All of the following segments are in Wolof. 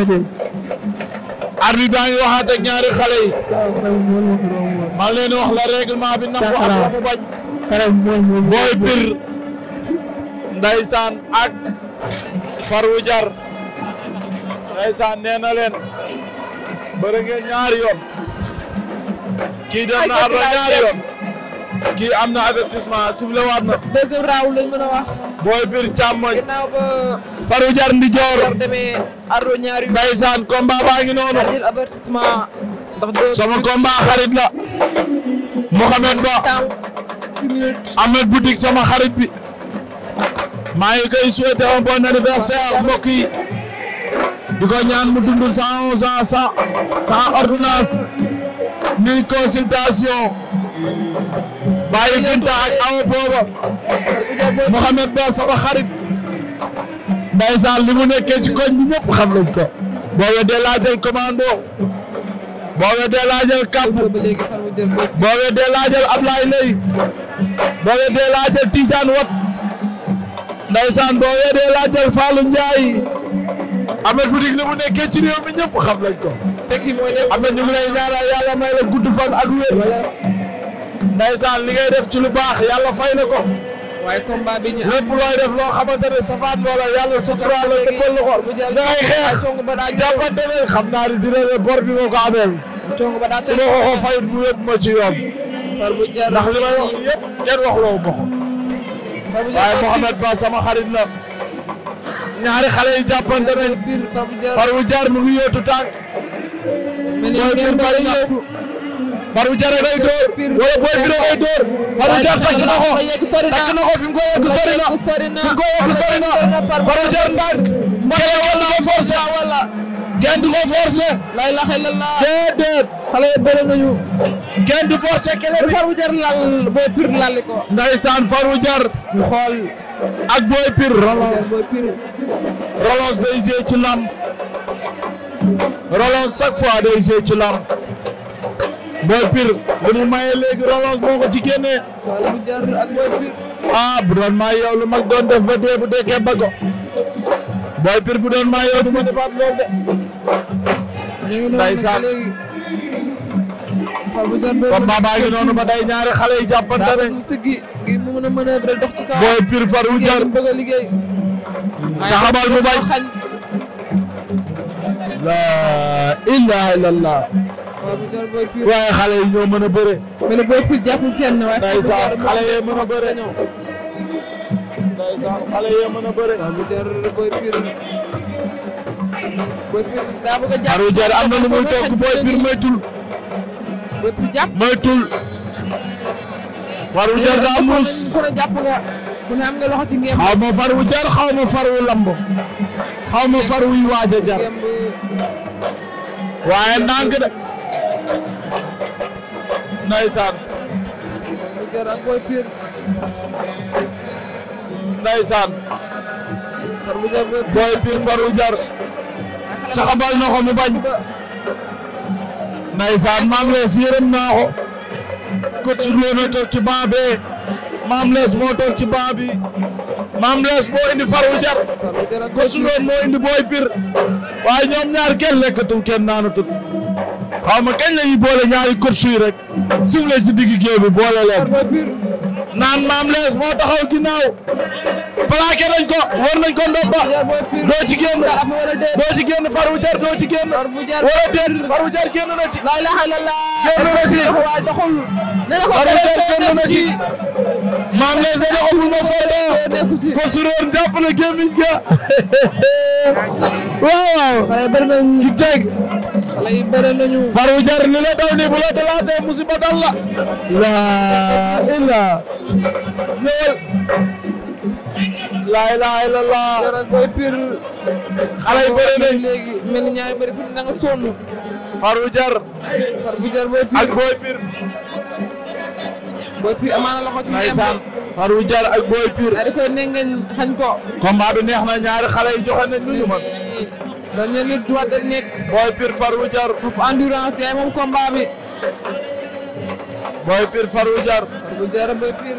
Ibrahima Dieng. arbitre baa ngi waxaat ak ñaari xale yi. maa leen wax la règlement bi. saa xalaat nangu ak mu bañ. booy bir ndaysaan ak faru jar ndaysaan nee na leen bëri ngeen ñaari yoon kii def na am na ñaari yoon kii am na avertissement sifflé waat na deuxième round lañ mën a wax booy bir càmmoñ ginnaaw ba faru jar ndi joor ndeysaan combat baa ngi noonu sama combat xarit la Mouhamed Ba Ahmed Boutique sama xarit bi maa ngi koy souhaiter bon anniversaire mbokk di ko ñaan mu dund cent onze ans sans sans ordonnance ni consultation bàyyi gunta ak awa booba Mouhamed Ba xarit ndeysaan li mu nekkee ci koñ bi ñëpp xam nañ ko boo weddee laa jël commando boo weddee laa jël kàbbu boo weddee laa jël Ablaye Lay boo boo weddee laa jël Fallou Ndiaye Ameth li mu nekkee ci réew mi ñëpp xam nañ ko Ameth ñu ngi lay ñaanal yàlla may la gudd fan ak wér ndeysaan li ngay def ci lu baax yàlla fay ko waaye combat bi ñu lépp looy def loo xamante ne safaan moo la yàlla suturaal la da ngay xeex bi moo ko ameel su ma ko mu yëpp ma ci yoon ndax li may wax yëpp kenn wax loo ma ko waaye Mouhamed Ba sama xarit la ñaari xale yi jàppante nañ far Farou Diarra ngay door wala Boy Biro ngay door Farou Diarra takk na ko takk na ko fi mu ko yegg sori na fi mu ko yegg sori na Farou Diarra ndànk kenn kenn du ko forcé kenn du ko forcé déedéet xale ak Boy Pire day jee ci lam relance fois day jee ci Boy Pire li mu maye léegi relance moo ci génnee. ah bu doon maa yow lu mag doon ba dee bu dee képp ba ko. Boy Pire bu doon maa yow du ma defaat lool de. ndeysaan comme baba ngi noonu ba day ñaari xale yi jàppante ne. Boy Pire faru jar. saxabal mu bañ. la ilaha illallah. waaye xale yi ñoo mën a bëre. mais nag booy jàpp fenn waaye. a bëre. xale yee mën a bëre. booy pul daa bëgg a jàpp. Arou Diar am na lu muy teg booy pul ci ngeen. xaw ma faru jar xaw ma jar. waaye ndànk de. Ndeysaan. Ndeysaan. Boy Pire Farou Diar. taxabal na ko mu bañ. Ndeysaan Mame yërëm naa ko. coach Rono toog ci banc bee. moo toog ci banc bi. Mame Less moo indi Farou Diar. coach Rono moo indi Boy Pire. waaye ñoom ñaar kenn lekkatul kenn naanatul. xaw ma kañ la ñuy boole ñaari coach yi rek soufflé ci digg géew bi boole leen. naan maam lees moo taxaw ginnaaw. plaqué nañ ko war nañ ko ndobba. doo ci génn doo ci génn faru jar doo ci génn. wala déet faru la ilaha maam lees da ma fayda. ko suróor jàpp na gémmiñ ga. waaw lay bëre nañu faru jar li la daw ni bu la dalaatee musiba dal la la illa ñëwal la ilaha illallah jaral koy pir xale yi bëre nañ léegi mel ni ñaari bëri ku na nga sonn faru jar faru jar booy pir ak booy pir booy pir amaana loxo ci ndeem faru jar ak booy pir ari koy nengeñ xañ ko combat bi neex na ñaari xale yi joxe nañ lu ñu man dañ ne nit doit nekk. booy pir faru jar. endurance yaay moom combat bi. booy pir faru jar. faru jar booy pir.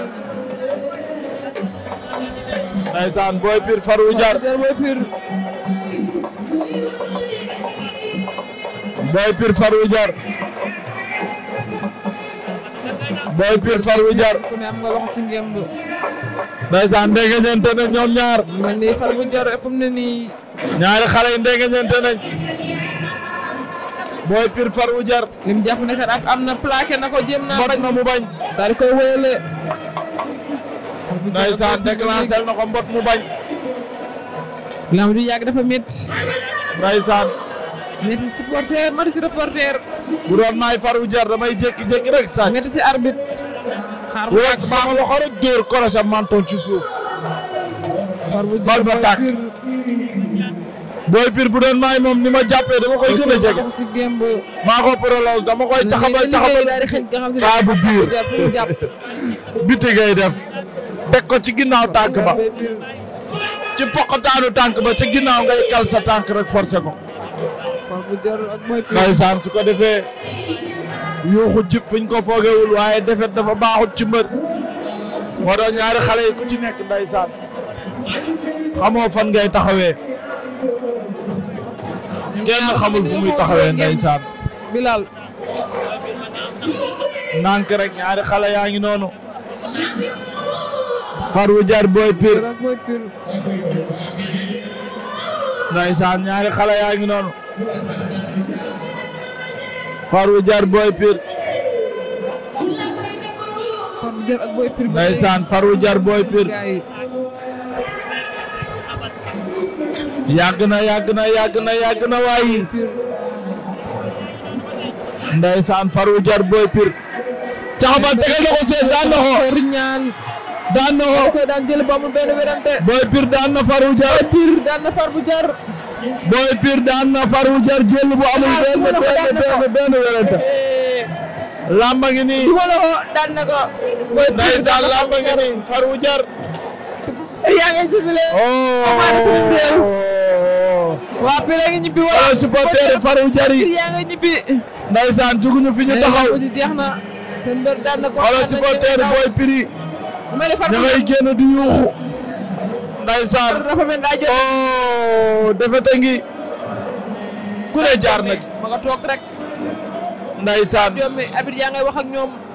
ndeysaan booy pir faru jar. faru jar booy pir. booy pir faru jar. booy pir faru jar. ku ne am nga loxo ci ngémb. ndeysaan dégg ngeen te ne ñoom ñaar. man ni faru jar fu mu ne nii. ñaari xale yi ndengeñante nañ booy pir faru jar lim jàpp ne kat am na plaqué na ko jéem naa bañ na mu bañ daal koy wéyale ndeysaan déclenché na ko mbot mu bañ lam du yàgg dafa métti ndeysaan métti supporter métti reporter bu doon maay faru jar damay jékki-jékki rek sax métti si arbitre xaar bu baax sama loxo rek dóor mantoon ci suuf faru jar booy pir bu doon maay moom ni ma jàppee dama koy gën a jege. maa ko prolonge dama koy caxabal caxabal kaa bu biir biti ngay def teg ko ci ginnaaw tànk ba ci poqataanu tànk ba ci ginnaaw ngay kal sa tànk rek forcé ko. ndeysaan su ko defee yuuxu jib fiñ ko foogewul waaye defet dafa baaxut ci mbër moo doon ñaari xale yi ku ci nekk ndeysaan xamoo fan ngay taxawee. kenn xamul fu muy taxawee ndeysaan Bilal nank rek ñaari xale yaa ngi noonu far wu jar booy pir ndeysaan ñaari xale yaa ngi noonu far wu jar booy pir ndeysaan far wu jar booy pir yàgg na yàgg na yàgg na yàgg na waaye ndeysaan faru jar booy pir caxabal tegal na ko seen daan na ko daan na ko daan jël ba mu benn werante booy pir daan na faru jar booy pir daan na faru jar jël bu amul benn benn benn lamba ngi nii duma la ko daan na ko ndeysaan lamba ngi nii faru jar yaa nga ñibbi wala supporter faru jari yaa nga ñibbi ndeysaan juguñu fi ñu taxaw wala supporter booy piri ñu ngay génn di yuuxu ndeysaan oh defete ngi ku jaar na ma nga toog rek ndeysaan ñoom wax ak ñoom